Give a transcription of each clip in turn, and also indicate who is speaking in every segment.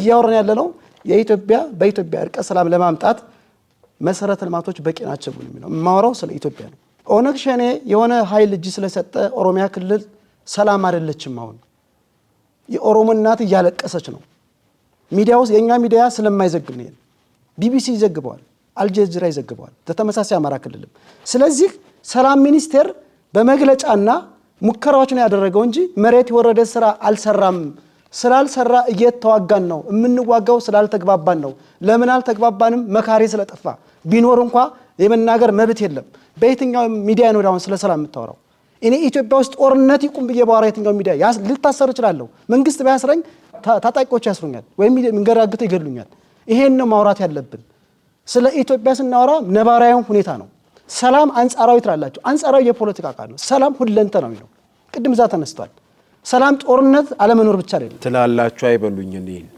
Speaker 1: እያወረን ያለ ነው የኢትዮጵያ በኢትዮጵያ እርቀ ሰላም ለማምጣት መሰረተ ልማቶች በቂ ናቸው ብሎ የሚለው የማወራው ስለ ኢትዮጵያ ነው። ኦነግ ሸኔ የሆነ ኃይል እጅ ስለሰጠ ኦሮሚያ ክልል ሰላም አይደለችም። አሁን የኦሮሞ እናት እያለቀሰች ነው። ሚዲያ ውስጥ የእኛ ሚዲያ ስለማይዘግብ ነው። ቢቢሲ ይዘግበዋል፣ አልጀዚራ ይዘግበዋል፣ በተመሳሳይ አማራ ክልልም። ስለዚህ ሰላም ሚኒስቴር በመግለጫና ሙከራዎችን ያደረገው እንጂ መሬት የወረደ ስራ አልሰራም። ስላልሰራ እየተዋጋን ነው የምንዋጋው፣ ስላልተግባባን ነው። ለምን አልተግባባንም? መካሪ ስለጠፋ። ቢኖር እንኳ የመናገር መብት የለም። በየትኛው ሚዲያ ነው አሁን ስለ ሰላም የምታወራው? እኔ ኢትዮጵያ ውስጥ ጦርነት ይቁም ብዬ ባወራ የትኛው ሚዲያ ልታሰር እችላለሁ? መንግስት ቢያስረኝ ታጣቂዎች ያስሩኛል፣ ወይም የሚንገራግተው ይገሉኛል። ይሄን ነው ማውራት ያለብን። ስለ ኢትዮጵያ ስናወራ ነባራዊ ሁኔታ ነው። ሰላም አንጻራዊ ትላላችሁ፣ አንጻራዊ የፖለቲካ ቃል ነው። ሰላም ሁለንተ ነው። ቅድም እዛ ተነስቷል። ሰላም ጦርነት አለመኖር ብቻ አይደለም
Speaker 2: ትላላችሁ። አይበሉኝ ይህን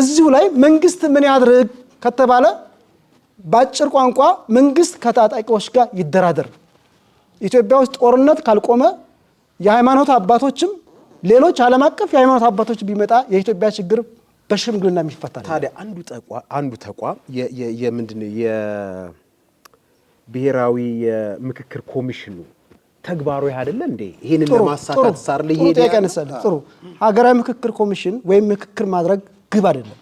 Speaker 1: እዚሁ ላይ መንግስት ምን ያድርግ ከተባለ በአጭር ቋንቋ መንግስት ከታጣቂዎች ጋር ይደራደር። ኢትዮጵያ ውስጥ ጦርነት ካልቆመ የሃይማኖት አባቶችም ሌሎች ዓለም አቀፍ የሃይማኖት አባቶች ቢመጣ የኢትዮጵያ ችግር በሽምግልና የሚፈታል
Speaker 2: ታዲያ አንዱ ተቋም አንዱ ብሔራዊ የምክክር ኮሚሽን ነው ተግባሩ ይህ አይደለ እንዴ?
Speaker 1: ይህንን ለማሳካት ሳር ልሄድ ጥሩ ሀገራዊ ምክክር ኮሚሽን ወይም ምክክር ማድረግ ግብ አይደለም።